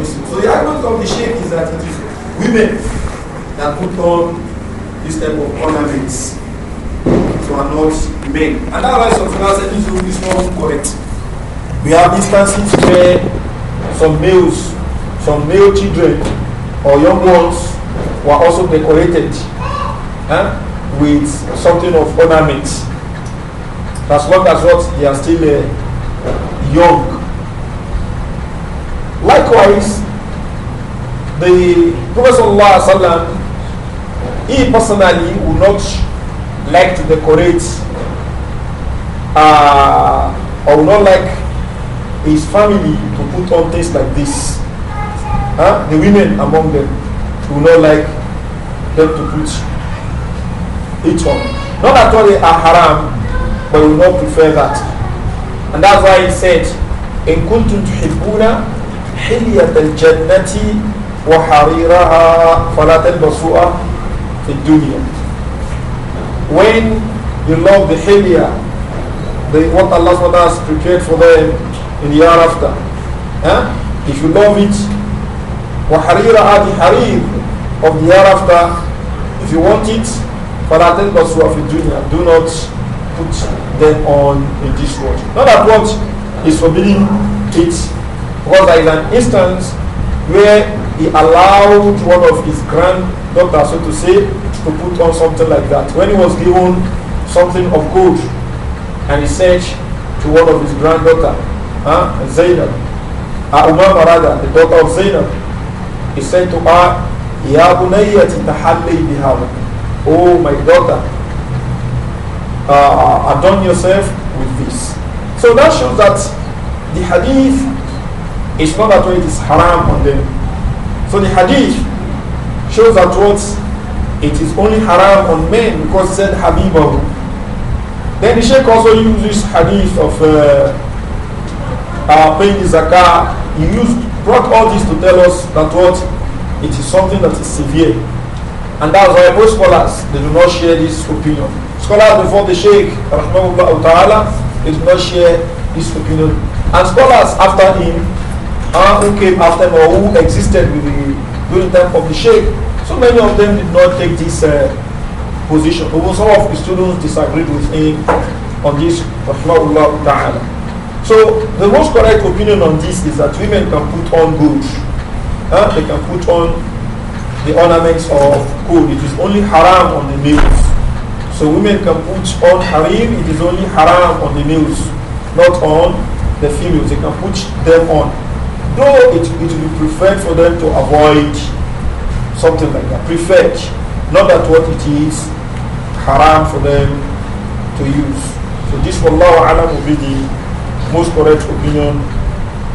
So the argument of the Sheikh is that it is women that put on this type of ornaments. to are not men. And that's why some this rule is not correct. We have instances where some males, some male children or young ones were also decorated huh, with something of ornaments. As long as what they are still uh, young, Likewise, the Prophet ﷺ, he personally would not like to decorate uh, or would not like his family to put on things like this. Huh? The women among them would not like them to put it on. Not at all they are haram, but would not prefer that. And that's why he said, in kuntum tuhibbuna حلية الجنة وحريرها فلا تلبسوا في الدنيا when you love the hilia what Allah SWT has prepared for them in the year after. if you love it وحريرها the حرير of the year after if you want it فلا تلبسوا في الدنيا do not put them on in this world not that what is forbidden it Because there is an instance where he allowed one of his granddaughters, so to say, to put on something like that. When he was given something of gold, and he said to one of his granddaughter, huh, ah, Zainab, ah, Umama rather, the daughter of Zainab, he said to her, Ya Oh my daughter, uh, adorn yourself with this. So that shows that the hadith it's not that it is haram on them. So the hadith shows that what it is only haram on men because it said habibahu. Then the Sheikh also uses hadith of uh, uh, paying the zakah. He used, brought all this to tell us that what it is something that is severe. And that's why most scholars they do not share this opinion. Scholars before the Sheikh, Rahmahullah Ta'ala, they do not share this opinion. And scholars after him, uh, who came after them or who existed with the, during the time of the Sheikh. So many of them did not take this uh, position. Although some of the students disagreed with him on this. So the most correct opinion on this is that women can put on gold. Uh, they can put on the ornaments of gold. It is only haram on the males. So women can put on harim. It is only haram on the males, not on the females. They can put them on. Though it, it will be preferred for them to avoid something like that. Preferred. Not that what it is haram for them to use. So this Allah Alam will be the most correct opinion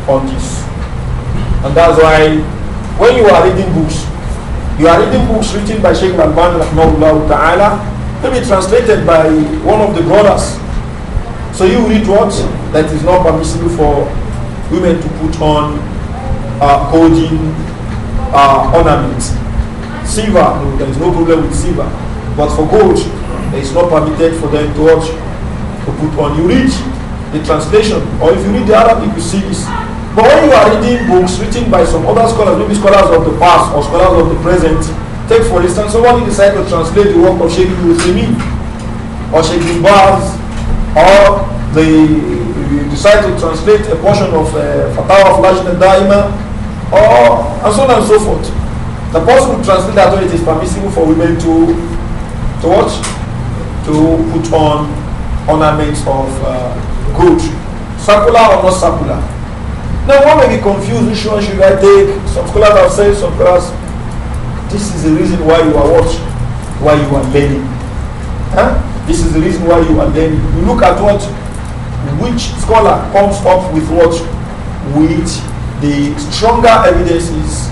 on this. And that's why when you are reading books, you are reading books written by Sheikh Al-Ban rahmahullah ta'ala, maybe translated by one of the brothers. So you read what? That is not permissible for women to put on uh, golden uh, ornaments. Silver, no, there is no problem with silver. But for gold, it is not permitted for them to watch, to put on. You read the translation, or if you read the Arabic, you see this. But when you are reading books written by some other scholars, maybe scholars of the past or scholars of the present, take for instance, somebody decided to translate the work of Sheikh Uthaymeen or Sheikh Ibn Baz or the decide to translate a portion of uh, Fatah of Lajna Daima, or and so on and so forth. The person who translates that way, it is permissible for women to to what? To put on ornaments of uh, gold, circular or not circular. Now one may be confused which one should I take? Some scholars have said, some scholars, this is the reason why you are watching, Why you are learning. Huh? This is the reason why you are learning. You look at what which scholar comes up with what? With the stronger evidences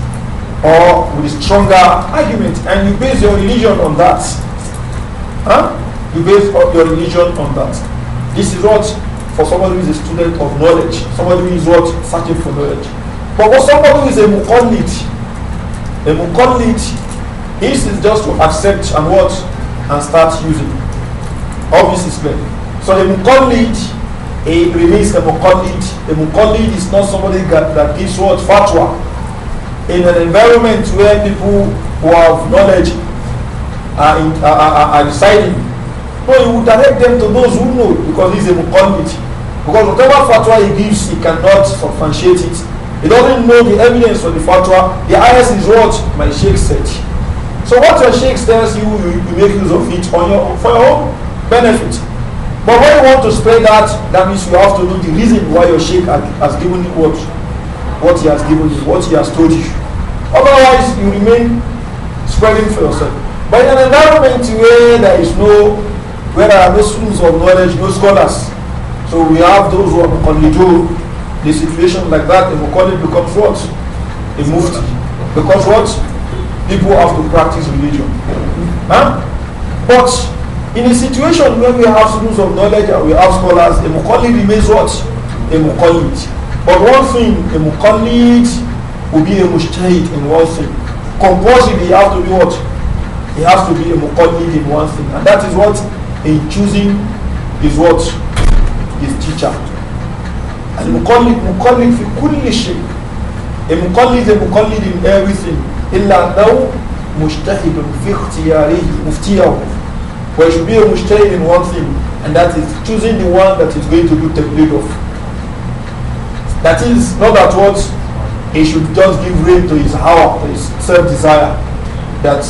or with a stronger argument, and you base your religion on that. Huh? You base your religion on that. This is what for somebody who is a student of knowledge, somebody who is what searching for knowledge. But for somebody who is a mukallid. a mukallid, this is just to accept and what and start using. Obviously, So a mukallid a muqallid. A muqallid is not somebody that, that gives what? Fatwa. In an environment where people who have knowledge are, in, are, are, are deciding, no, he would direct them to those who know because he's a muqallid. Because whatever fatwa he gives, he cannot substantiate it. He doesn't know the evidence for the fatwa. The highest is what my sheikh said. So what your sheikh tells you, you, you make use of it on your, for your own benefit. But when you want to spread that, that means you have to know the reason why your sheikh has given you what, what he has given you, what he has told you. Otherwise, you remain spreading for yourself. But in an environment where there is no, where there are no schools of knowledge, no scholars, so we have those who are do the situation like that, call it becomes what? A mufti. Because what? People have to practice religion. Huh? But in a situation where we have schools of knowledge and we have scholars, a Mukali remains what? A muqallid. But one thing, a Mukali will be a mujtahid in one thing. Compulsory, he has to be what? He has to be a Mukali in one thing. And that is what in choosing is what? His teacher. المقلد مقلد A Mukali is a Mukali in everything إلا أنه مجتهد في اختياره مفتيه but you should be a mujtahid in one thing, and that is choosing the one that is going to do taqlid of. That is not that what he should just give rein to his hawa, to his self-desire. That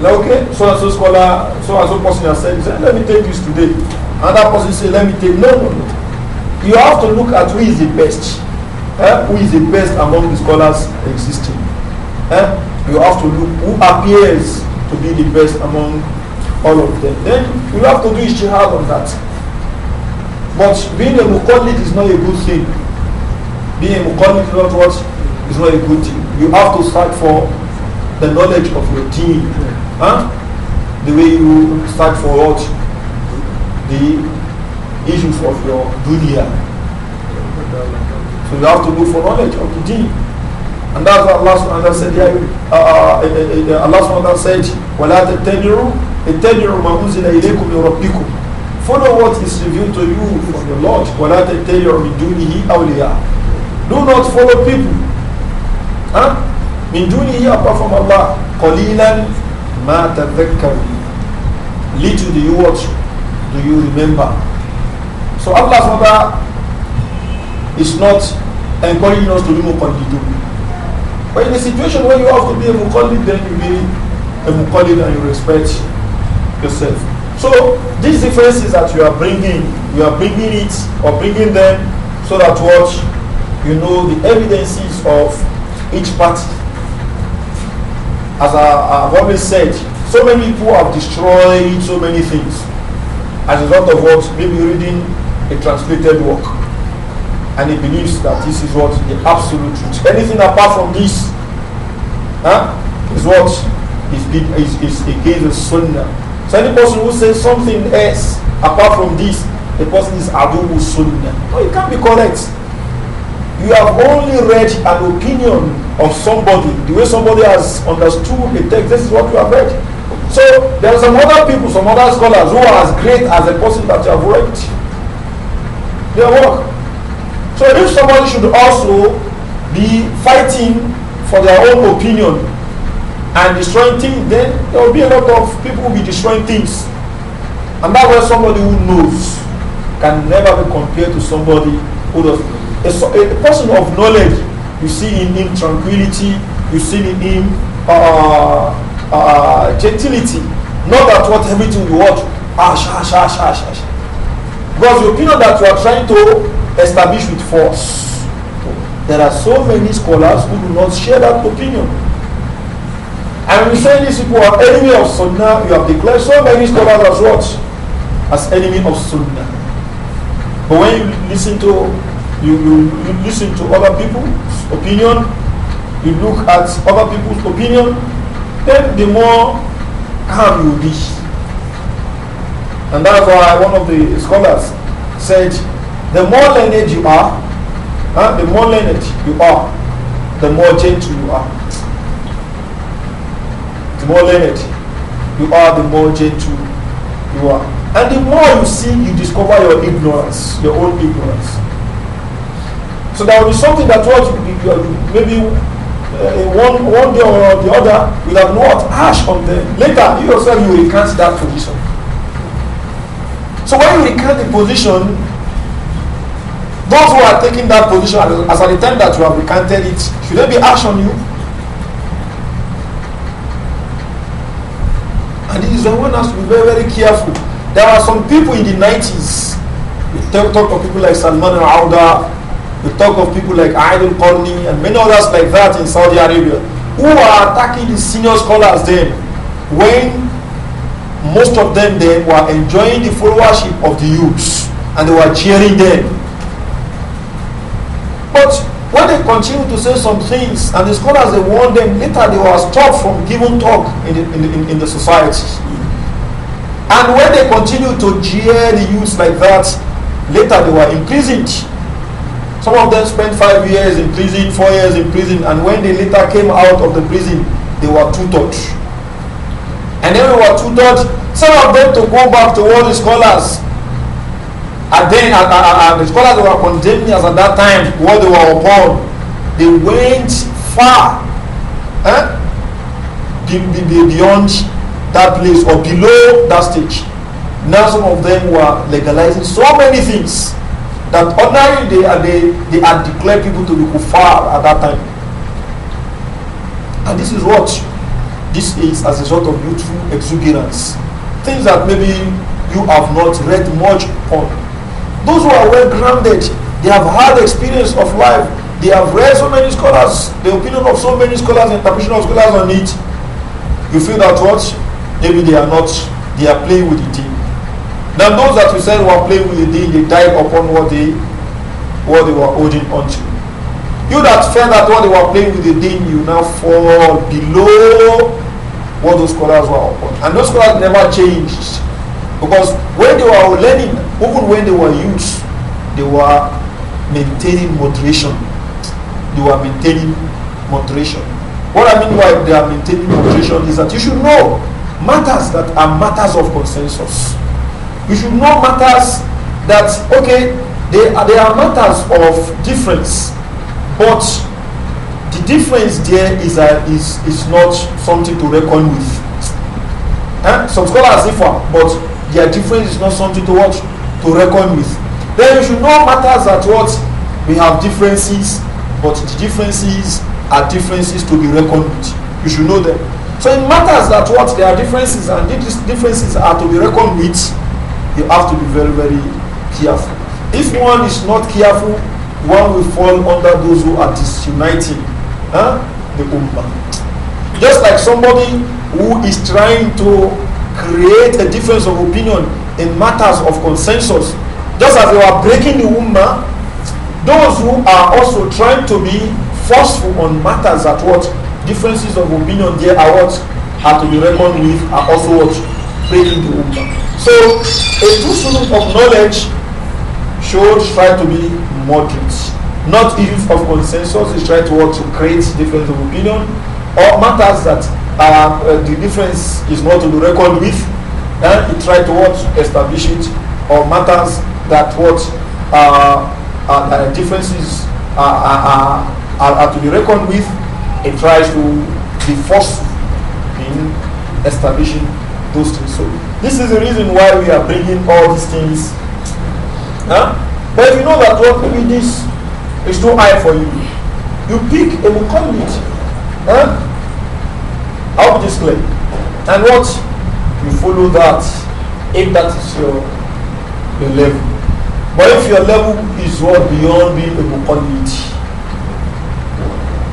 like, okay, so and so scholar, so and so person has said, said, let me take this today. Another person say, let me take. No, no, no. You have to look at who is the best. Eh? Who is the best among the scholars existing? Eh? You have to look who appears to be the best among all of them. Then you have to do ijtihad on that. But being a muqallid is not a good thing. Being a muqallid is not what? Is not a good thing. You have to start for the knowledge of your team, Huh? The way you start for what? The issues of your dunya. So you have to look for knowledge of the deen. And that's what Allah subhanahu wa ta'ala said, uh, uh, uh, uh, Allah subhanahu wa ta'ala said, وَلَا تَتَّبِعُوا اتبعوا ما أنزل إليكم من ربكم follow what is revealed to you from the Lord ولا تتبعوا من دونه أولياء do not follow people huh? من دونه apart from Allah قليلا ما تذكرون little do you watch do you remember so Allah Father is not encouraging us to be muqallidun but in a situation where you have to be a muqallid then you be a muqallid and you respect yourself. So these differences that you are bringing, you are bringing it or bringing them so that what you know the evidences of each party. As I, have always said, so many people have destroyed so many things as a result of what maybe reading a translated work, and he believes that this is what the absolute truth. Anything apart from this huh, is what is, is, is against the Sunnah So any person who says something else apart from this, the person is Abu Sunnah. No, it can't be correct. You have only read an opinion of somebody, the way somebody has understood the text, this is what you have read. So there are some other people, some other scholars who are as great as the person that you have read their work. So if somebody should also be fighting for their own opinion and destroying things, then there will be a lot of people will be destroying things. And that why somebody who knows can never be compared to somebody who does. A, a person of knowledge, you see in him tranquility, you see in him uh, uh, uh gentility. Not that what everything you watch, ash, ah, ash, ash, ash, ash. Because the opinion that you are trying to establish with force. There are so many scholars who do not share that opinion. And we say these people are enemy of Sunnah. You have declared so many scholars as what? As enemy of Sunnah. But when you listen to you, you, you listen to other people's opinion, you look at other people's opinion, then the more calm you be. And that's why one of the scholars said, the more learned you are, huh, the more learned you are, the more gentle you are the more learned you are, the more gentle you are. And the more you see, you discover your ignorance, your own ignorance. So there will be something that what you, you, maybe uh, one, one day or the other will have not ash on them. Later, you yourself you recant that position. So when you recant the position, those who are taking that position as, as at the time that you have recanted it, should there be ash on you? issues and one has to be very, very careful. There are some people in the 90s, we talk, talk of people like Salman al-Auda, we talk of people like Aidul Qarni and many others like that in Saudi Arabia, who are attacking the senior scholars then, when most of them then were enjoying the followership of the youths and they were cheering them. But when they continued to say some things, and the scholars they warned them, later they were stopped from giving talk in the, in the, in, the society. And when they continued to jeer the youth like that, later they were imprisoned. Some of them spent five years in prison, four years in prison, and when they later came out of the prison, they were tutored. And then they were tutored, some of them to go back to all the scholars and then and, the scholars were condemning us at that time what they were upon. They went far eh? beyond that place or below that stage. Now some of them were legalizing so many things that ordinarily they, they, they had declared people to be kuffar at that time. And this is what? This is as a sort of youthful exuberance. Things that maybe you have not read much on those who are well grounded, they have had experience of life, they have read so many scholars, the opinion of so many scholars, and of scholars on it. You feel that what? Maybe they are not, they are playing with the team. Now those that we said were playing with the thing, they died upon what they what they were holding onto. You that felt that what they were playing with the thing, you now fall below what those scholars were upon. And those scholars never changed. Because when they were learning Even when they were youths, they were maintaining moderation. They were maintaining moderation. What I mean by they are maintaining moderation is that you should know matters that are matters of consensus. You should know matters that, okay, they are, they are matters of difference, but the difference there is, a, uh, is, is not something to reckon with. Eh? Some scholars differ, but their difference is not something to watch to reckon with. Then you should know matters that what we have differences, but the differences are differences to be reckoned with. You should know them. So it matters that what there are differences and these differences are to be reckoned with, you have to be very, very careful. If one is not careful, one will fall under those who are disuniting huh? the Ummah. Just like somebody who is trying to create a difference of opinion in matters of consensus. Just as they are breaking the woman, those who are also trying to be forceful on matters that what differences of opinion there are what have to be reckoned with are also what breaking the woman. So a true student of knowledge should try to be moderate. Not use of consensus is try to what to create difference of opinion or matters that uh, the difference is not to be reckoned with then he tried to what? Establish it on matters that what uh, uh, uh, differences are, are, to be reckoned with. He tries to be forced in establishing those things. So this is the reason why we are bringing all these things. Huh? But you know that what we this is too high for you. You pick a mukombit. Huh? I'll be play, And what? you follow that if that is your your level. But if your level is what beyond being a muqallid,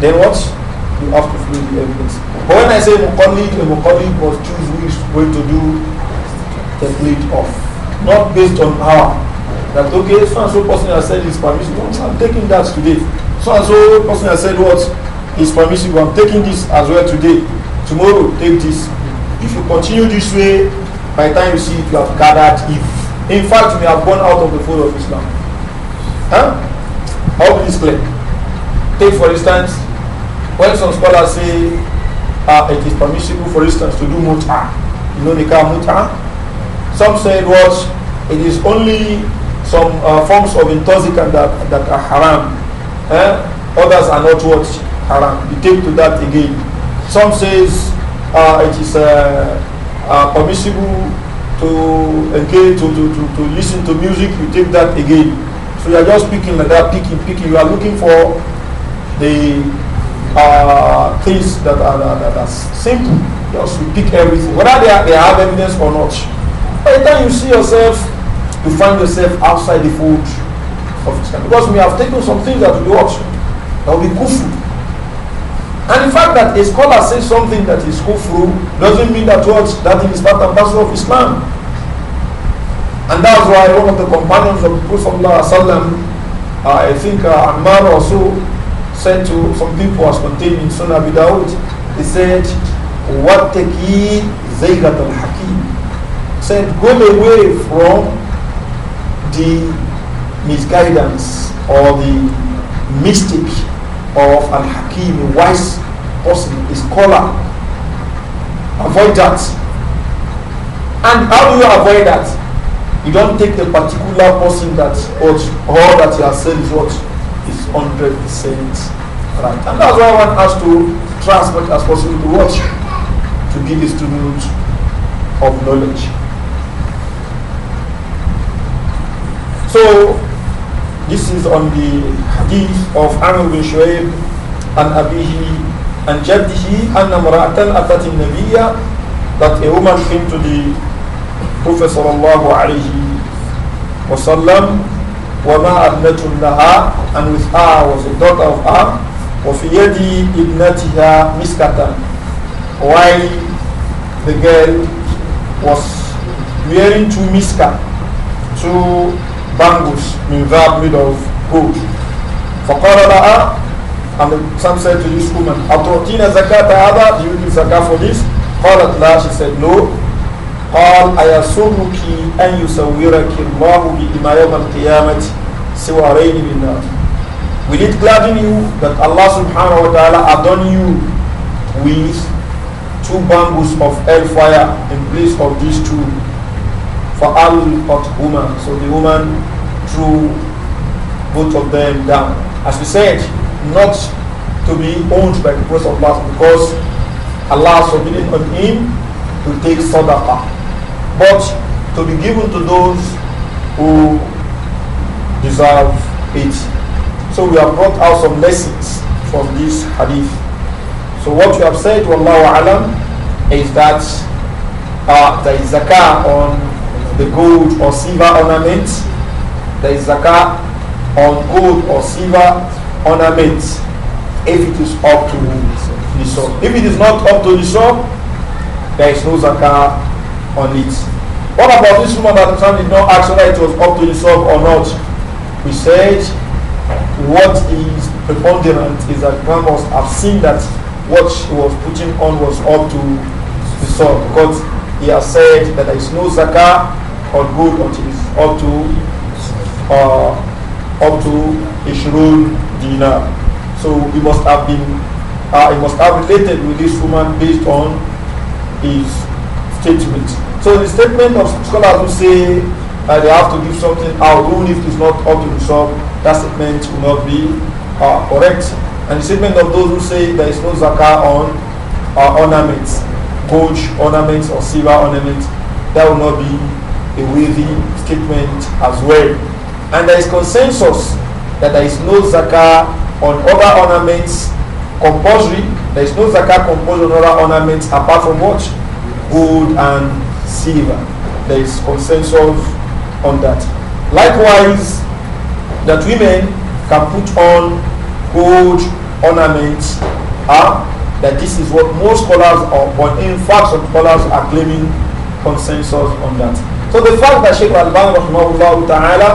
then what? You have to follow the evidence. But when I say muqallid, a muqallid must choose which way to do the lead off. Not based on how. That okay, so and so person has said is permissible. I'm taking that today. So and so person has said what is permissible. I'm taking this as well today. Tomorrow, take this if you continue this way, by the time you see it, you have gathered if. In fact, you have gone out of the fold of Islam. Huh? How this play? Take, for instance, when some scholars say uh, it is permissible, for instance, to do muta, You know the car muta. Some say what? It is only some uh, forms of intoxicant that, that are haram. Eh? Others are not what? Haram. You take to that again. Some says uh, it is uh, uh, permissible to again to, to, to, to listen to music, you take that again. So you are just picking like that, picking, picking. You are looking for the uh, things that are, that are simple. Just you pick everything, whether they, are, they have evidence or not. By the time you see yourself, you find yourself outside the fold of Islam. Because we have taken some things that we watch that will be kufu. And the fact that a scholar says something that is kufru doesn't mean that what that is part and parcel of Islam. And that's why one of the companions of Prophet Sallallahu uh, I think uh, Ammar also said to some people as contained in Sunnah Abi he said, What take ye Zaygat al Hakim? Said, Go away from the misguidance or the mystic of an hakim, a wise person, a scholar. Avoid that. And how do you avoid that? You don't take the particular person that or all that you are saying is what is hundred percent right. And that's why one has to try as much as possible to watch to give the student of knowledge. So this is on the hadith of Amr bin Shu'ayb and Abihi and Jabdihi and Amra'atan Atat Nabiya that a woman came to the Prophet sallallahu alayhi wa sallam وَمَا أَبْنَةٌ لَهَا and with her was a daughter of her وَفِي يَدِي إِبْنَتِهَا مِسْكَةً while the girl was wearing two miska two bangles min dhab made of gold. For لها and some said to this woman, أتعطينا زكاة هذا? Do you give zakat for this? قالت لا, she said no. قال أيصومك أن يصورك الله بما يوم القيامة سوارين من نار. Will it gladden you that Allah subhanahu wa ta'ala adorn you with two bamboos of hellfire in place of these two for woman, So the woman threw both of them down. As we said, not to be owned by the Prophet of Allah because Allah has forbidden on him to take sadaqah. But to be given to those who deserve it. So we have brought out some lessons from this hadith. So what you have said, Wallahu Allah is that uh, there is zakah on the gold or silver ornaments. There is zakat on gold or silver ornaments if it is up to the shop. If it is not up to the shop, there is no zakat on it. What about this woman that the did not ask whether it was up to the sub or not? We said what is preponderant is that grandmas have seen that what she was putting on was up to the sub because he has said that there is no zakah on gold until it's up to uh, up to Ishrul dinar. So he must have been uh, he must have related with this woman based on his statement. So the statement of scholars who say uh, they have to give something out even if it's not up to themselves, that statement will not be uh, correct. And the statement of those who say there is no zakah on uh, ornaments gold ornaments or silver ornaments, that will not be a worthy statement as well. And there is consensus that there is no zakah on other ornaments compulsory. There is no zakah compulsory on other ornaments apart from what? Gold and silver. There is consensus on that. Likewise, that women can put on gold ornaments. are that this is what most scholars are, but in fact some scholars are claiming consensus on that. So the fact that Sheikh Al-Bani ta'ala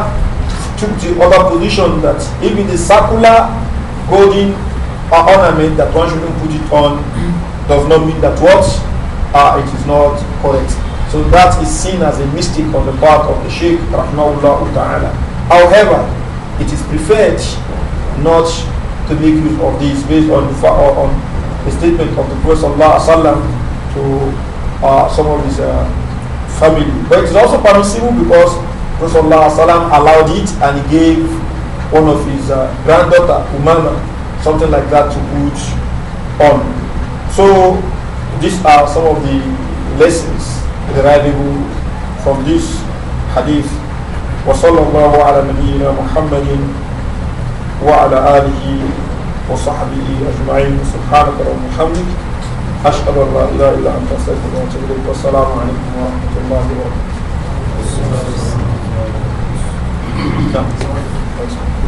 took the other position that even the circular golden ornament that one shouldn't put it on does not mean that what uh, it is not correct. So that is seen as a mistake on the part of the Sheikh Al Ta'ala. However, it is preferred not to make use of this based on, on the statement of the Prophet sallam, to uh, some of his uh, family. But it is also permissible because Prophet sallam, allowed it and he gave one of his uh, granddaughter, Umama, something like that to put on. So these are some of the lessons derivable from this hadith. وصلى الله على نبينا محمد وعلى آله وصحبه أجمعين سبحانك اللهم وبحمدك أشهد أن لا إله إلا أنت أستغفرك وأتوب إليك والسلام عليكم ورحمة الله وبركاته.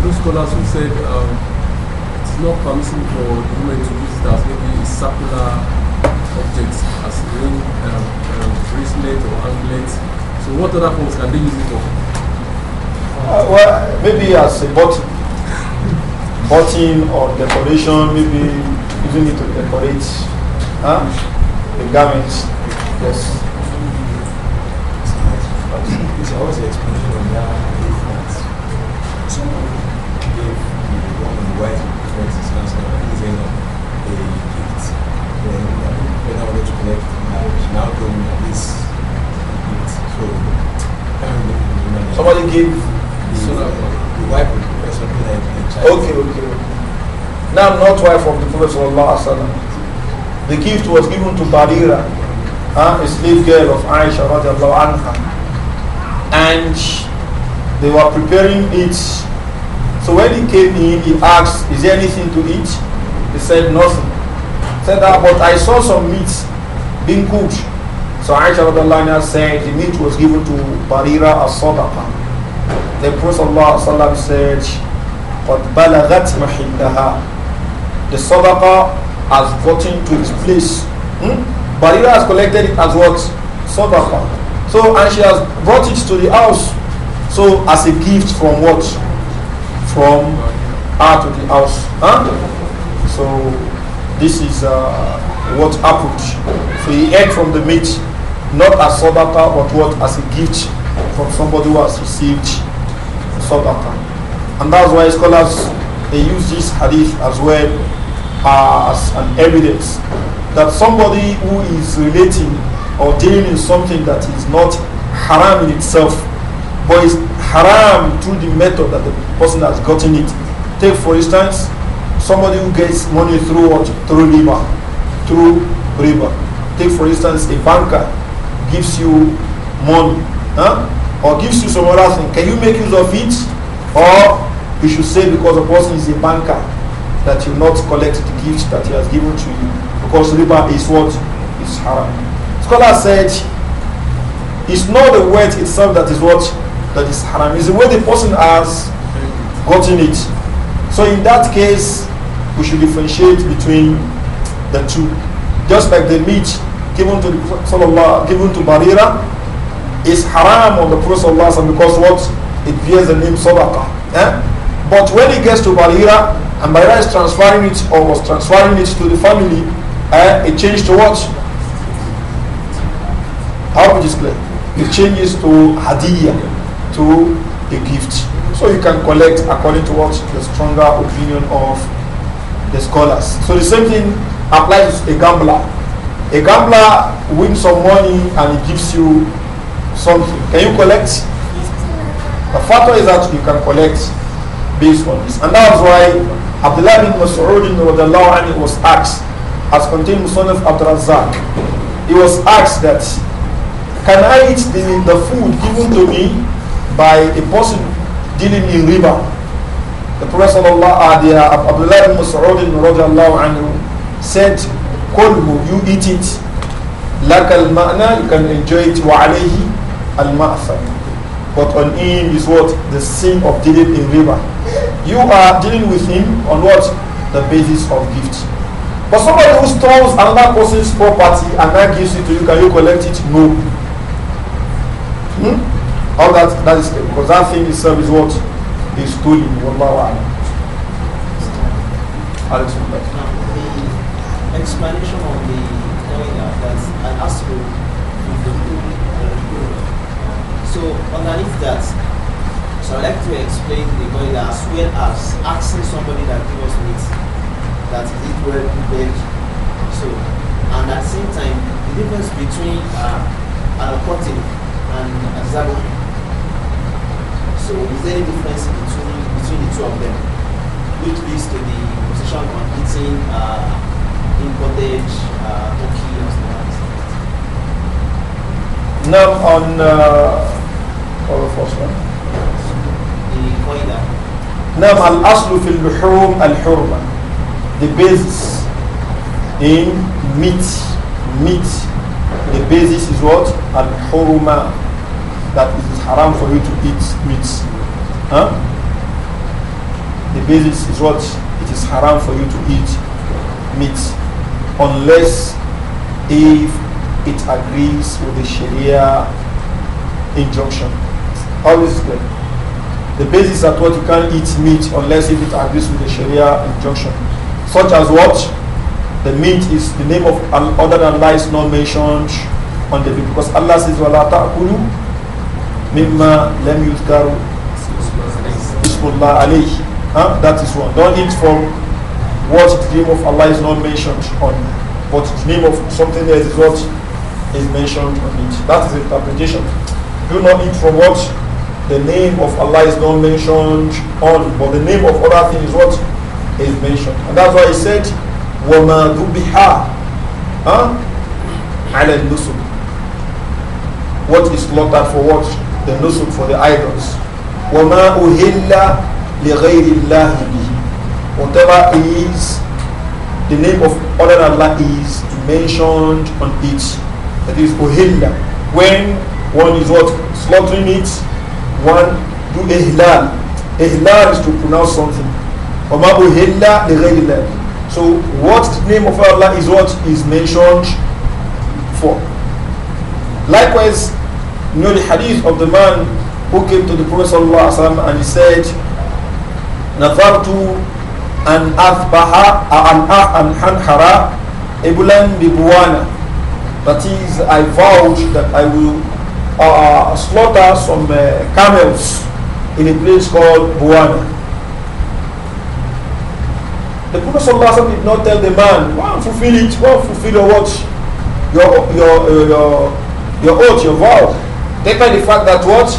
Those scholars who said um, it's not permissible for the women to use it as maybe circular objects, as ring, um, um, bracelet or anklet. So what other forms can they use it for? Uh, well, maybe as a button. cutting or decoration, maybe using it to decorate huh? the garments. Yes. It's always the explanation of that difference. So if the one the white difference is not design of a gift, then when I wanted to collect marriage, now told me this gift. So somebody gave the, the, the white Okay, okay. Now, not wife of the Prophet The gift was given to Barira, uh, a slave girl of Aisha anha. And they were preparing it. So when he came in, he asked, is there anything to eat? He said, nothing. He said, ah, but I saw some meat being cooked. So Aisha anha said, the meat was given to Barira as sadaqah. The Prophet said, قد بلغت محلها the sadaqa has gotten to its place hmm? Barira has collected it as what sadaqa so and she has brought it to the house so as a gift from what from her to the house huh? so this is uh, what happened so he ate from the meat not as sadaqa but what as a gift from somebody who has received sadaqa and that's why scholars they use this hadith as well as an evidence that somebody who is relating or dealing something that is not haram in itself, but is haram through the method that the person has gotten it. Take for instance, somebody who gets money through what? Through riba. Through riba. Take for instance, a banker gives you money huh? or gives you some other thing. Can you make use of it? Or you should say because a person is a banker that you not collect the gift that he has given to you because riba is what is haram. Scholar said it's not the word itself that is what that is haram. It's the way the person has gotten it. So in that case, we should differentiate between the two. Just like the meat given to Sallallahu given to Barira is haram on the Prophet Sallallahu because what it bears the name Sadaqah. Eh? But when it gets to Balira, and Balira is transferring it or was transferring it to the family, uh, it changed to what? How would you explain? It changes to Hadiyah, to a gift. So you can collect according to what the stronger opinion of the scholars. So the same thing applies to a gambler. A gambler wins some money and he gives you something. Can you collect? The fact is that you can collect based on this. And that's why Abdullah bin Mas'ud was asked, as contained Muslim of Razak, he was asked that, can I eat the, the food given to me by a person dealing in riba? The Prophet uh, the, uh, Abdullah bin Mas'ud said, said, Kulhu, you eat it. Like al-ma'na, you can enjoy it. Wa alayhi al-ma'tham. But on him is what? The sin of dealing in riba. You are dealing with him on what? The basis of gift. But somebody who steals another person's property and then gives it to you, can you collect it? No. Hmm? All that, that is because that thing itself is what is stolen. Wallahu a'lam. Alex, the explanation on the knowing that an asked from the So underneath that, so I'd like to explain the Goida as well as asking somebody that gave us meat that it well be bed. So and at the same time the difference between uh, an accounting and a zagon. So is there any difference between between the two of them? Which leads to the position on eating uh, importage, imported uh, turkey and so on. Now on uh, all first one. نعم الأصل في اللحوم الحرمة the basis in meat meat the basis is what الحرمة that it is haram for you to eat meat huh? the basis is what it is haram for you to eat meat unless if it agrees with the Sharia injunction always clear the basis that what you can't eat meat unless if it agrees with the Sharia injunction. Such as what? The meat is the name of other than Allah is not mentioned on the meat because Allah says wala ta'kulu mimma lam yuzkaru bismillah Huh? That is one. Don't eat from what the name of Allah is not mentioned on, but the name of something else is what is mentioned on it. That is interpretation. Do not eat from what the name of Allah is not mentioned on, but the name of other things is what is mentioned. And that's why he said, وَمَا ذُبِحَا عَلَى النُّسُبِ What is slaughtered for what? The nusuk for the idols. وَمَا أُهِلَّ لِغَيْرِ اللَّهِ بِهِ Whatever is, the name of other Allah is mentioned on it. That is أُهِلَّ. When one is what? Slaughtering it, one do ihlal. Ihlal is to pronounce something. So what the name of Allah is what is mentioned for. Likewise, you know the hadith of the man who came to the Prophet ﷺ and he said, نَفَرْتُ أَنْ an أَنْ أَنْ حَنْحَرَ إِبُلًا bibuana. That is, I vowed that I will uh, slaughter some uh, camels in a place called Buwana. The Prophet Sallallahu did not tell the man, go and fulfill it, go and fulfill your watch, your, your, uh, your, your oath, your vow. Take by the fact that what?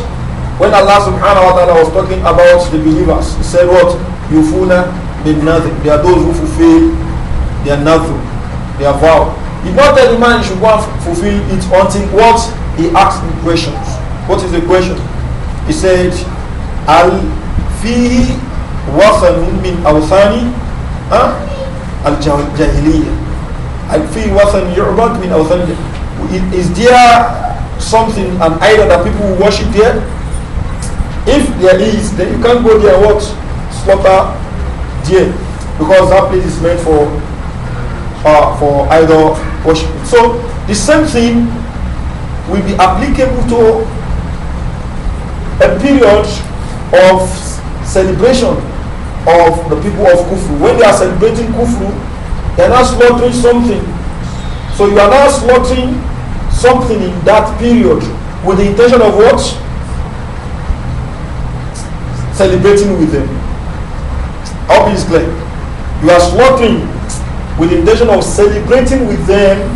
When Allah subhanahu wa ta'ala was talking about the believers, he said what? Yufuna did nothing. There are those who fulfill their nothing, their vow. He not tell the man should go and fulfill it until what? he asked me questions. What is the question? He said, Al fihi wasanun min awsani al jahiliyyah. Al fihi wasan yu'bad min awsani. Is there something, an idol that people worship there? If there is, then you can't go there and what? Slaughter there, Because that place is meant for uh, for idol worship. So the same thing will be applicable to a period of celebration of the people of Kufru. When they are celebrating Kufru, they are not slaughtering something. So you are not slaughtering something in that period with the intention of what? Celebrating with them. Obviously, you are slaughtering with the intention of celebrating with them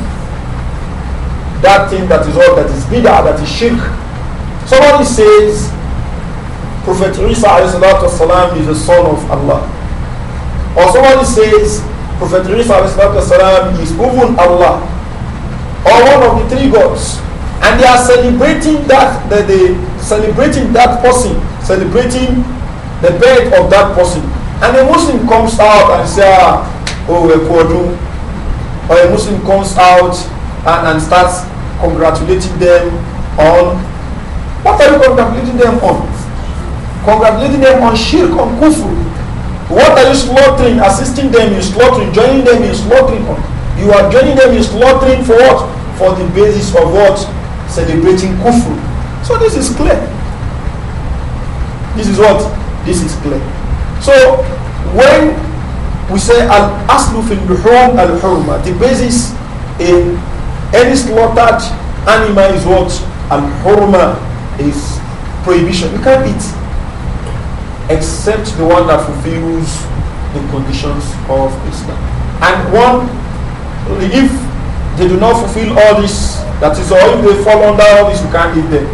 that thing that is all that is bid'ah, that is shirk. Somebody says, Prophet Isa is the son of Allah. Or somebody says, Prophet Isa والسلام, is even Allah. Or one of the three gods. And they are celebrating that, that they celebrating that person, celebrating the birth of that person. And a Muslim comes out and says, ah, oh, we're Or a Muslim comes out and, and starts congratulating them on what are you congratulating them on? Congratulating them on shirk, on kufr. What are you slaughtering? Assisting them in slaughtering, joining them in slaughtering. You are joining them in slaughtering for what? For the basis of what? Celebrating kufr. So this is clear. This is what? This is clear. So when we say al aslu fil al hurma, the basis in any slaughtered animal is what? an hurma is prohibition. You can't eat except the one that fulfills the conditions of Islam. And one, if they do not fulfill all this, that is, or if they fall under all this, you can't eat them.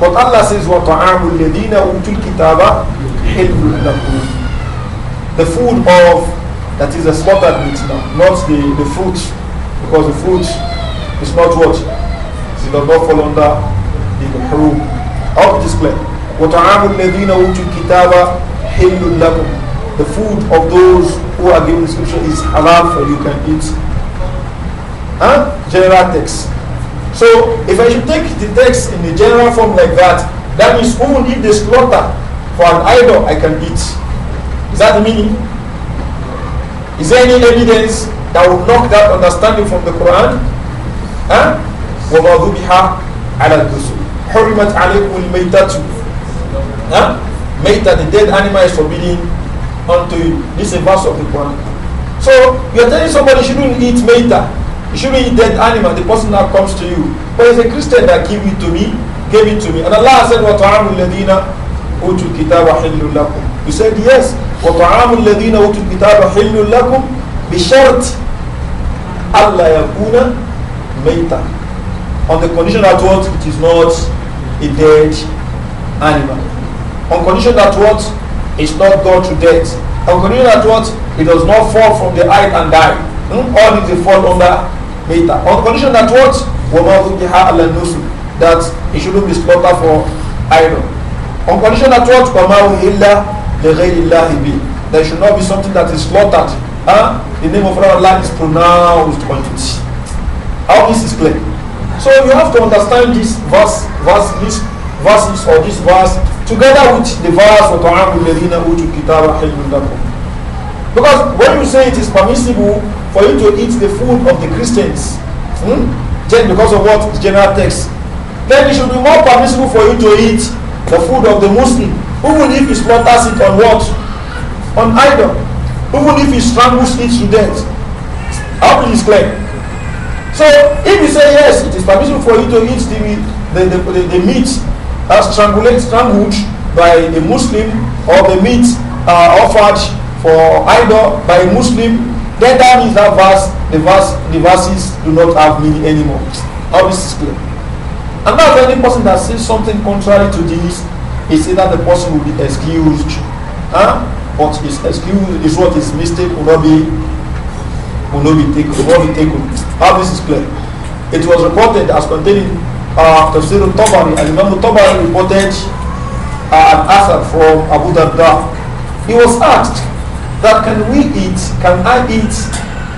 But Allah says, What الَّذِينَ أُوتُوا الْكِتَابَ The food of, that is the slaughtered meat now, not the, the fruit, because the fruit it's not what? It does not fall under the harum. I hope it is clear. وَطَعَامُ الَّذِينَ أُوتُوا الْكِتَابَ The food of those who are given scripture is halal for you can eat. Huh? General text. So if I should take the text in a general form like that, that means only need the slaughter for an idol I can eat. Is that the meaning? Is there any evidence that would knock that understanding from the Quran? ها وما ذبح على الدسو حرمت عليكم الميتات. ها Meta, the dead animal is forbidden unto you. This is a verse of the Quran. So you are telling somebody you shouldn't eat meta, you shouldn't eat dead animal, the person now comes to you. But it's a Christian that gave it to me, gave it to me. And Allah said, وَطَعَامُ الَّذِينَ أُوتُوا الْكِتَابَ حِلٌّ لَكُمْ You said yes. وَطَعَامُ الَّذِينَ أُوتُوا الْكِتَابَ حِلٌّ لَكُمْ بِشَرْطِ أَلَّا يَكُونَ maita on the condition that what it is not a dead animal on condition that what is not gone to death on condition that what it does not fall from the height and die hmm? all these fall under maita on condition that what be that it shouldn't be slaughtered for idol on condition that what the there should not be something that is slaughtered huh? the name of Allah is pronounced on it How this is played, So you have to understand this verse, verse, this verses or this verse together with the verse of Ladina Because when you say it is permissible for you to eat the food of the Christians, hmm? then because of what general text, then it should be more permissible for you to eat the food of the Muslim, even if he slaughters it on what? On idol. Even if he strangles it to death. How is this clear? So if you say yes, it is permissible for you to eat the, the, the, the, the meat uh, strangulate, strangled by a Muslim or the meat uh, offered for idol by a Muslim, then that means that verse, the, verse, the verses do not have meaning anymore. How this is clear. And that any person that says something contrary to this is either the person will be excused, huh? but is excused is what is mistake will not be will not be taken, will not be taken. How this is clear? It was reported as containing uh, Tafsir al-Tabari, I remember, al reported uh, an answer from Abu Darda. He was asked that can we eat, can I eat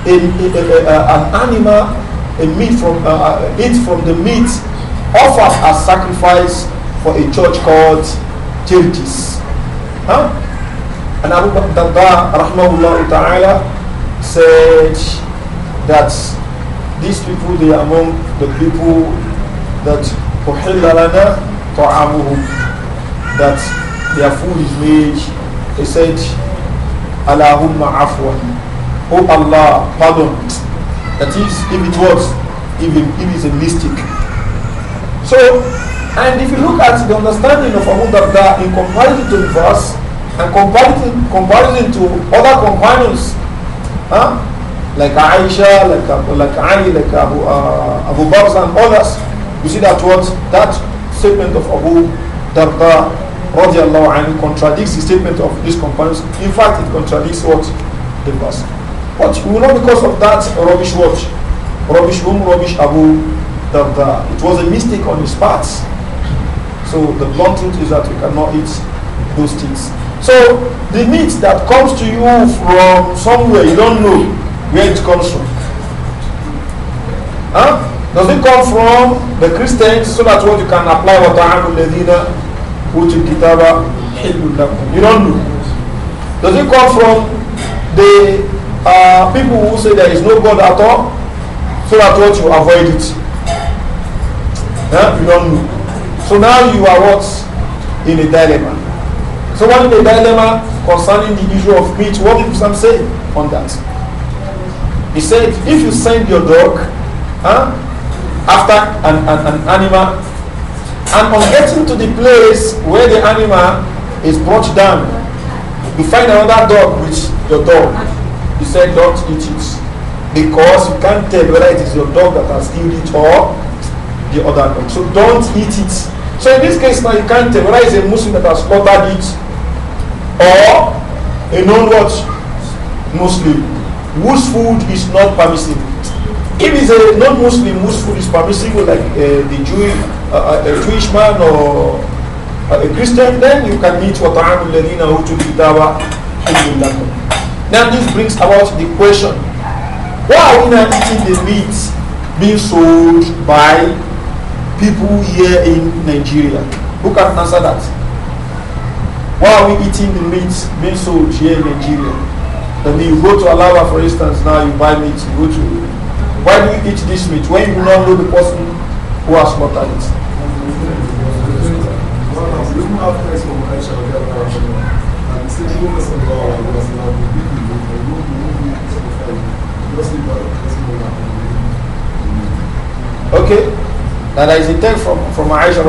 a, a, a, an animal, a meat from, uh, uh, eat from the meat offered as sacrifice for a church called Chirtis? Huh? And Abu Darda, rahmahullah ta'ala, said that these people they are among the people that for ta'amuhum that their food is made he said Allahumma afwan oh Allah pardon that is if it was if it, if it's a mistake so and if you look at the understanding of Abu Darda in comparison to the verse and comparison, comparison to other companions Huh? Like Aisha, like, like Ali, like Abu, uh, Abu Bakr and others. You see that what? That statement of Abu Darda radiallahu anhu contradicts the statement of these companions. In fact, it contradicts what? The verse. But we will not because of that rubbish watch. Rubbish um, rubbish Abu Darda. It was a mistake on his part. So the blunt truth is that we cannot eat those things. So the meat that comes to you from somewhere you don't know where it comes from. Huh? Does it come from the Christians so that what you can apply what ladina kitaba You don't know. Does it come from the uh, people who say there is no God at all so that what you avoid it? Huh? You don't know. So now you are what? In a dilemma. So what is the dilemma concerning the issue of meat? What did Islam say on that? He said, if you send your dog huh, after an, an, an animal, and on getting to the place where the animal is brought down, you find another dog with your dog. He said, don't eat it. Because you can't tell whether it is your dog that has killed it or the other dog. So don't eat it. So in this case now you can't tell whether it's a Muslim that has slaughtered it or a non what Muslim whose food is not permissible. If it's a non-Muslim whose food is permissible, like uh, the Jewish, uh, uh, a Jewish man or uh, a Christian, then you can eat what in أُوتُوا الْكِتَابَ Now this brings about the question, why are we not eating the meat being sold by people here in Nigeria? Who can answer that? Why are we eating the meat being sold here in Nigeria? That mean you go to Alaba, for instance, now you buy meat, you go to. Why do you eat this meat when you do not know the person who has slaughtered it? Okay, now there is a text from from Aisha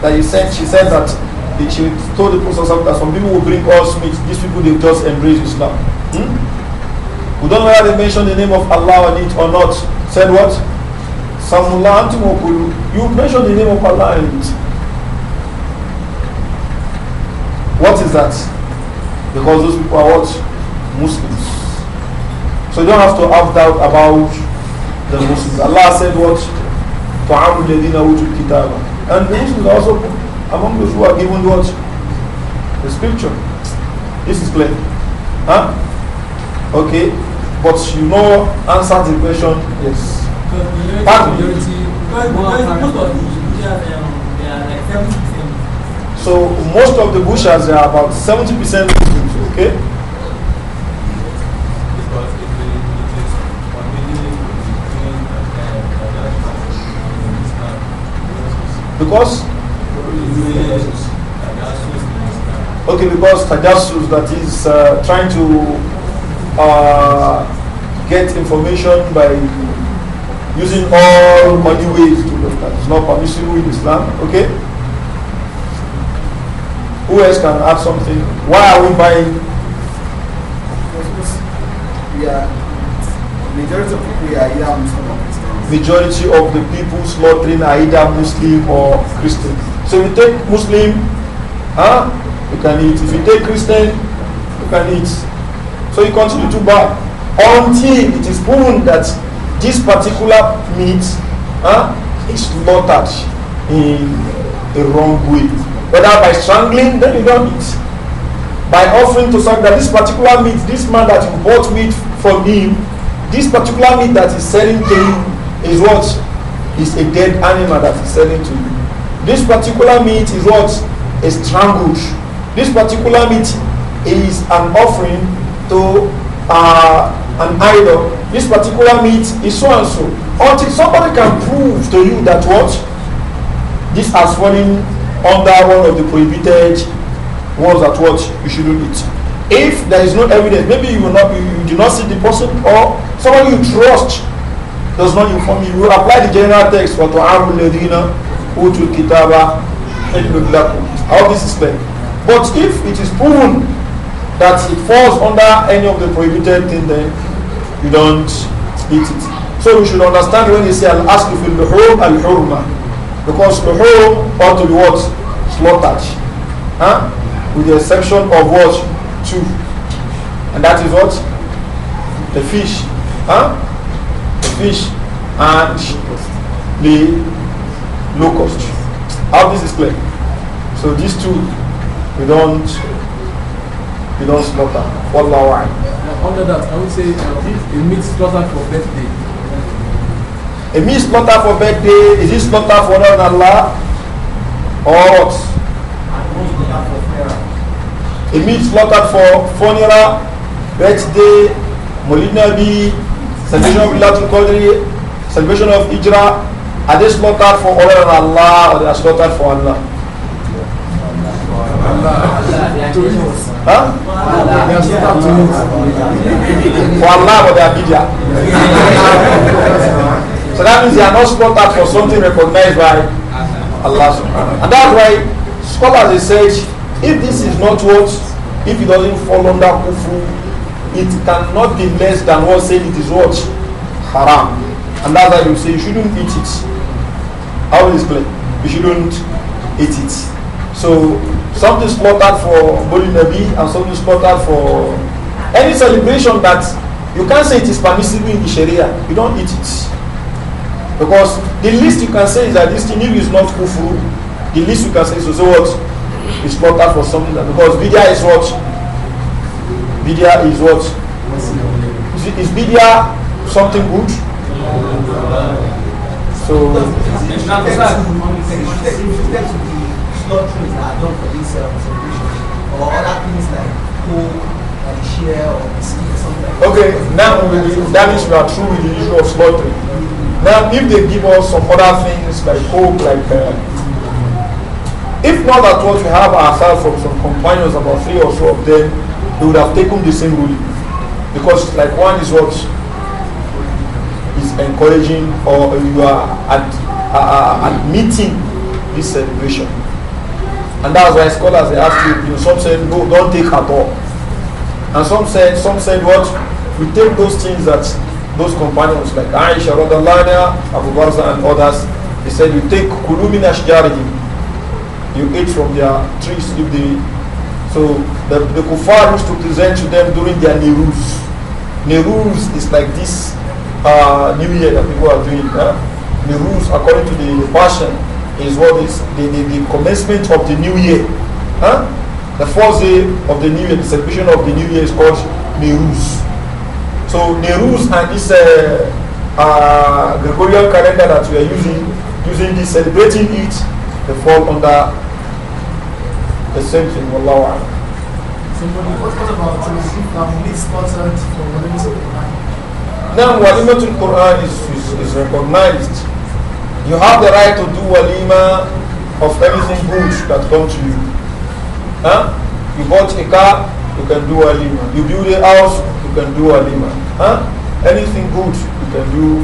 that you said she said that she told the Prophet that some people will bring us meat. These people, they just embrace Islam. Hmm? We don't know whether they mention the name of Allah on it or not. Said what? You mentioned the name of Allah in it. What is that? Because those people are what? Muslims. So you don't have to have doubt about the Muslims. Allah said what? And the Muslims also among those who are given what? The scripture. This is clear. Huh? Okay. But you know, answer the question, yes. Pardon? So most of the bushers are about 70% okay? Because Okay, because tajassus that is uh, trying to uh, get information by using all money ways to look It's not permissible in Islam. Okay? Who else can add something? Why are we buying? Yeah, majority of people are either Muslim or Christian. Majority of the people slaughtering are either Muslim or Christian. So if you take Muslim, huh, you can eat. If you take Christian, you can eat. So you continue to buy until it is proven that this particular meat huh, is slaughtered in the wrong way. Whether by strangling, then you don't eat. By offering to someone that this particular meat, this man that you bought meat from him, this particular meat that is selling to you is what? Is a dead animal that is selling to you. This particular meat is what? a strangled. This particular meat is an offering to uh, an idol. This particular meat is so and so. Until somebody can prove to you that what? This has fallen under one of the prohibited ones that what you shouldn't eat. If there is no evidence, maybe you will not you, you do not see the person or someone you trust does not inform you. You apply the general text for to harm the dinner utul kitaba lakum. How this is clear. But if it is proven that it falls under any of the prohibited things, then you don't eat it. So you should understand when you say al-aslu fil luhum al-hurma. Because the luhum ought to be what? Slaughtered. Huh? With the exception of what? Two. And that is what? The fish. Huh? The fish and the low cost. How this is played? So these two, we don't, we don't slaughter. Wallahu a'lam. Under that, I would say uh, a meat slaughter for birthday. A meat slaughter for birthday, is it slaughter for other Allah? Or what? A meat slaughter for funeral, birthday, Molinabi, celebration of Latin Qadri, celebration of Hijrah, Are they slaughtered for honor of Allah or they are slaughtered for Allah? For Allah or they are bidya. so that means they are not slaughtered for something recognized by Allah. And that's why scholars they said if this is not what, if it doesn't fall under kufru, it cannot be less than what said it is what? Haram. And that's why you say you shouldn't eat it. How is explain. You shouldn't eat it. So something slaughtered for Bolinabi and something slaughtered for any celebration that you can't say it is permissible in the Sharia. You don't eat it. Because the least you can say is that this thing is not kufru. The least you can say is to say what? It's slaughtered for something that, because bidya is what? Bidya is what? Is, is bidya something good? So, Okay, now means we are true with the issue of slaughtering. Now, if they give us some other things like hope, like uh, if not that what we have ourselves from some companions, about three or so of them, they would have taken the same ruling because like one is what encouraging or you are at uh, uh admitting this celebration. And that's why scholars they ask you, you know, some said no, don't take at all. And some said some said what? We take those things that those companions like Aisha, Radalana, Abu Barza and others, they said you take kulumin ashjarihim. You eat from their trees if they so the, the kufar used to present to them during their Neruz. Neruz is like this uh, New Year that people are doing. Uh, the rules according to the fashion is what is the, the, the commencement of the New Year. Huh? The first day of the New Year, the celebration of the New Year is called Neruz. So Neruz and this uh, uh, Gregorian calendar that we are using, using this, celebrating it, they fall under the same thing. Wallahu So what about uh, the I'm misspotted for now, walimatul Quran is, is, is recognized. You have the right to do walima of everything good that comes to you. Huh? You bought a car, you can do walima. You build a house, you can do walima. Huh? Anything good, you can do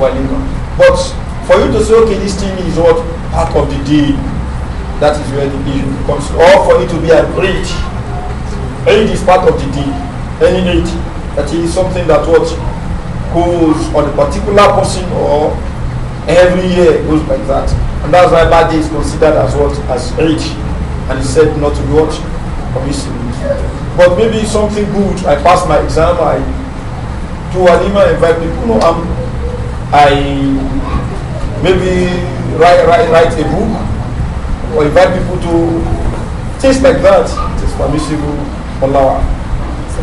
walima. But for you to say, okay, this thing is what part of the deal, that is where the issue comes. Or for it to be agreed. Aid is part of the deal. Any aid. That is something that what goes or a particular person or every year goes like that. And that's why bad is considered as what? As age. And he said not to be what? Permissible. But maybe something good, I pass my exam, I do anima, invite people, no, I'm, I maybe write, write, write a book or invite people to things like that. It is permissible. Allah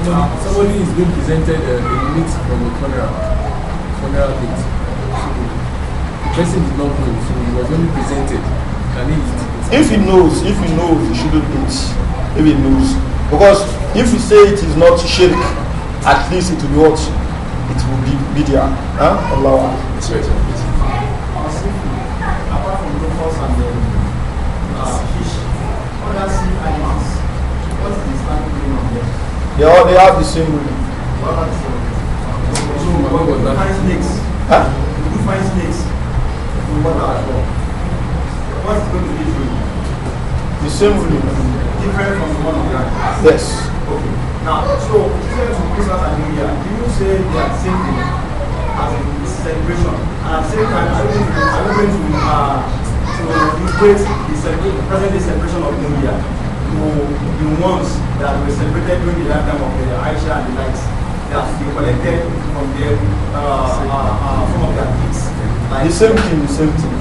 somebody, somebody is being presented uh, a, a meat from a funeral, funeral meat. the person is not known, so he was only presented. Can he eat? If he knows, if he knows, he shouldn't eat. If he knows, because if you say it is not shirk, at least it will be what it will be media. Huh? Allah. That's right. They all they have the same What So, ruling. Huh? You find snakes in water as well. What's going to be ruling? The same ruling. Different from the one on ground. Yes. Okay. Now, so different from Christmas and New Year, do you say they are the same thing as in celebration? And at the same time, are you going to uh, to equate the present day celebration of New Year? to the ones that were celebrated during the lifetime of the uh, Aisha and the likes that they collected from their uh, uh, uh, some of their kids. Like the same thing, the same thing.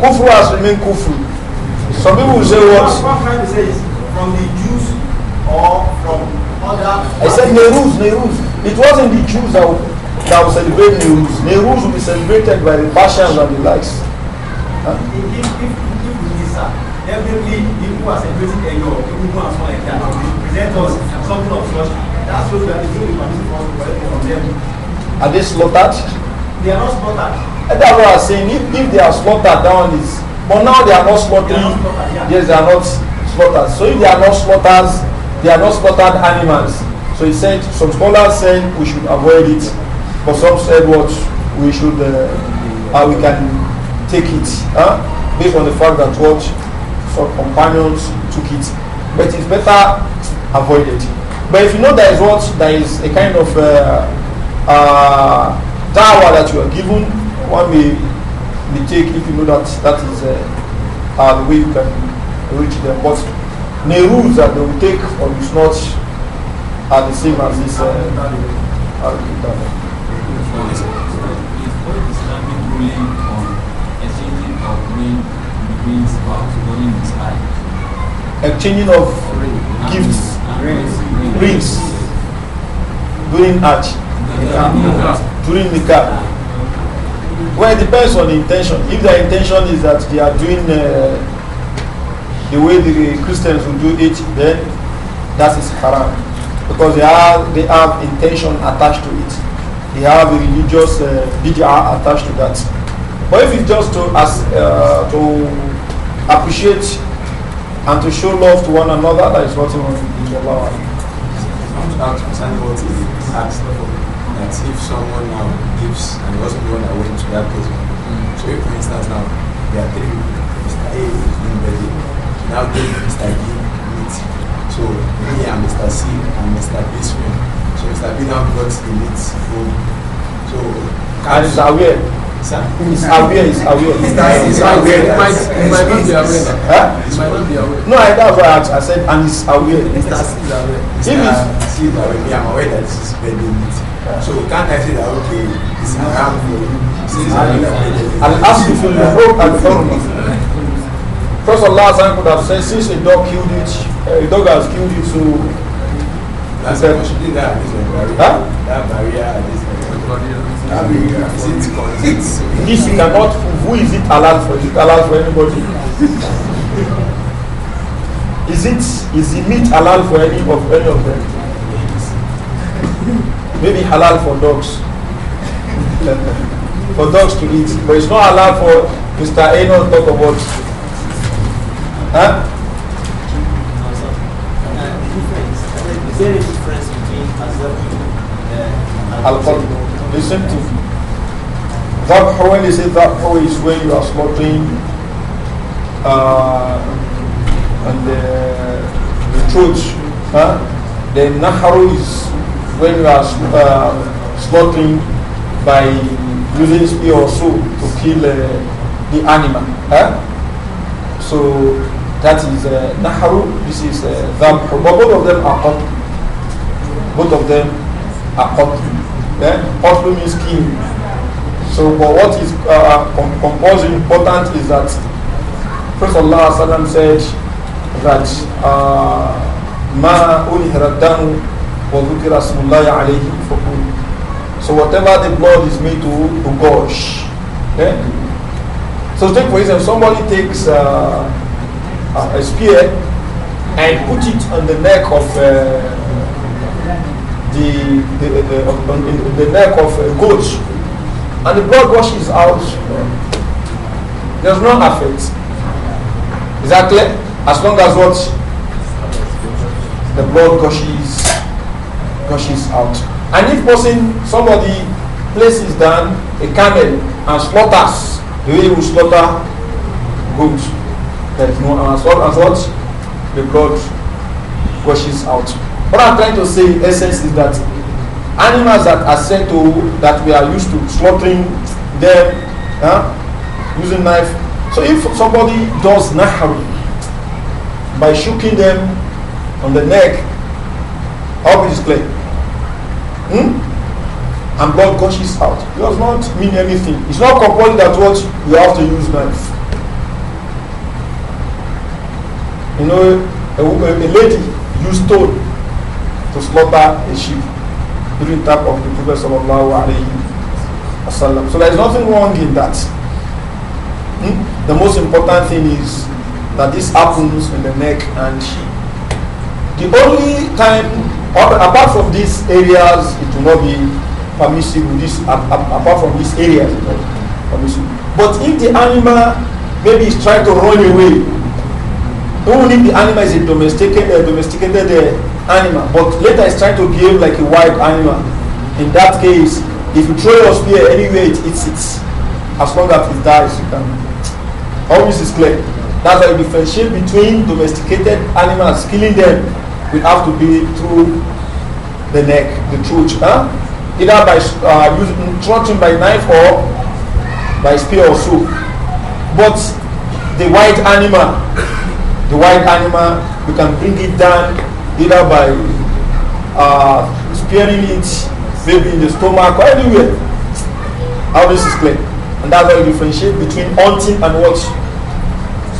Kufu has remained Kufu. Some people will say what? What I'm trying to say is from the Jews or from other. I said Neruz, Neruz. It wasn't the Jews that would, that would celebrate Neruz. Neruz will be celebrated by the Bashans and the likes. Huh? If, if, if Definitely, people are celebrating a year, people who are small like that, present us something of such. That shows that they feel the permission for to collect from them. Are they slaughtered? They are not slaughtered. Eh, that's what I was saying. If, if they are slaughtered, that one is. But now they are not slaughtered. Yeah. Yes, they are not slaughtered. So if they are not slaughtered, they are not slaughtered animals. So he said, some scholars said we should avoid it. But some said what we should, uh, we can take it. Huh? Based on the fact that what companions took it. But it's better avoided. But if you know there is what there is a kind of uh, uh, dawah that you are given, one may take? if you know that that is uh, uh, the way you can reach them. But the rules that they will take or is not are the same as this uh, uh exchanging of gifts, rings, during Hajj, during Nikah. Well, it depends on the intention. If the intention is that they are doing uh, the way the Christians will do it, then that is haram. Because they, are, they have intention attached to it. They have a religious uh, bid'ah attached to that. But if it's just to, as, uh, to appreciate and to show love to one another. That is what he wants to allow. That concerning that if someone now gives and it wasn't the one that went to that person, so if for instance now there are three Mr. A is doing very now give Mr. B meat. So me and Mr. C and Mr. B's friend. So Mr. B now got the meat food. So and is aware Sir? He's aware, he's aware. He's aware. He might, he might not be aware. Huh? He might not be aware. No, I, that's why I, I said, and he's aware. Mr. still aware. If still aware. I'm aware that it's spending it. So can't I say that, okay, it's around for you. I'll ask you for your hope and authority. First Allah could have said, since a dog killed it, a uh, dog has killed it, so... That's why she did that. Huh? That barrier. This you cannot who is it allowed for? Is it allowed for anybody? Is it is the meat allowed for any of any of them? Maybe halal for dogs. for dogs to eat. But it's not allowed for Mr. A not talk about. Huh? Is there a difference between Azab and uh, al the same thing. That when they say when you are slaughtering uh, and uh, the, the throat. Huh? The nahru is when you are uh, slaughtering by using spear or to kill uh, the animal. Huh? So that is uh, this is uh, dhabhu. But both of them are qatl. Both of them are qatl. Then also means king. So, but what is uh, important is that Prophet Allah said that uh, ma unihira damu wa dhukira smullahi alayhi So whatever the blood is made to, to gush. Okay? So take for example, somebody takes uh, a, a spear and put it on the neck of uh, the, the, the, on, um, the neck of a goat and the blood washes out, There's no effect. Is that clear? As long as what? The blood gushes, gushes out. And if person, somebody places down a camel and slaughters, the way you slaughter goat, there is no answer. As what? The blood gushes out. What I'm trying to say in essence is that animals that are sent to that we are used to slaughtering them huh, using knife. So if somebody does nahru by shooting them on the neck, how will display? Hmm? And blood gushes out. It does not mean anything. It's not compulsory that what you have to use knife. You know, a, a lady used stone to slaughter a sheep during the time of the Prophet sallallahu Alaihi wasallam. So there is nothing wrong in that. Hmm? The most important thing is that this happens in the neck and the only time apart from these areas it will not be permissible this apart from these areas it will not permissible but if the animal maybe is trying to run away only the animal is a domesticated, domesticated uh, animal, but later it's trying to behave like a wild animal. In that case, if you throw your spear anywhere, it eats it. As long as it dies, you can. Always is clear. That's why differentiate between domesticated animals, killing them, will have to be through the neck, the throat, huh? either by uh, using trotting by knife or by spear or so. But the wild animal, the wild animal, you can bring it down either by uh, spearing it, maybe in the stomach or anywhere. How this is clear. And that's how you differentiate between hunting and what?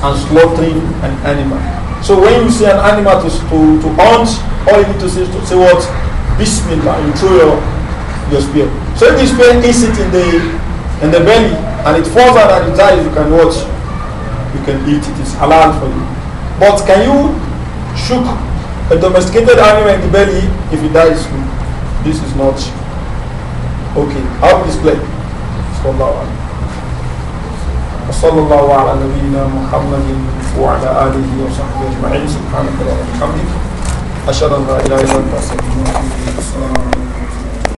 And slaughtering an animal. So when you see an animal to, to, to hunt, all you need to say is to say what? Bismillah, you throw your, your spear. So if the spear hits it in the, in the belly and it falls out and it dies, you can watch. You can eat it. It's halal for you. But can you shook a domesticated animal in the belly, if it dies, this is not okay. How will this play? وصلى الله على نبينا محمد وعلى آله وصحبه أجمعين سبحانك اللهم وبحمدك أشهد أن لا إله إلا أنت أستغفرك وأتوب إليك السلام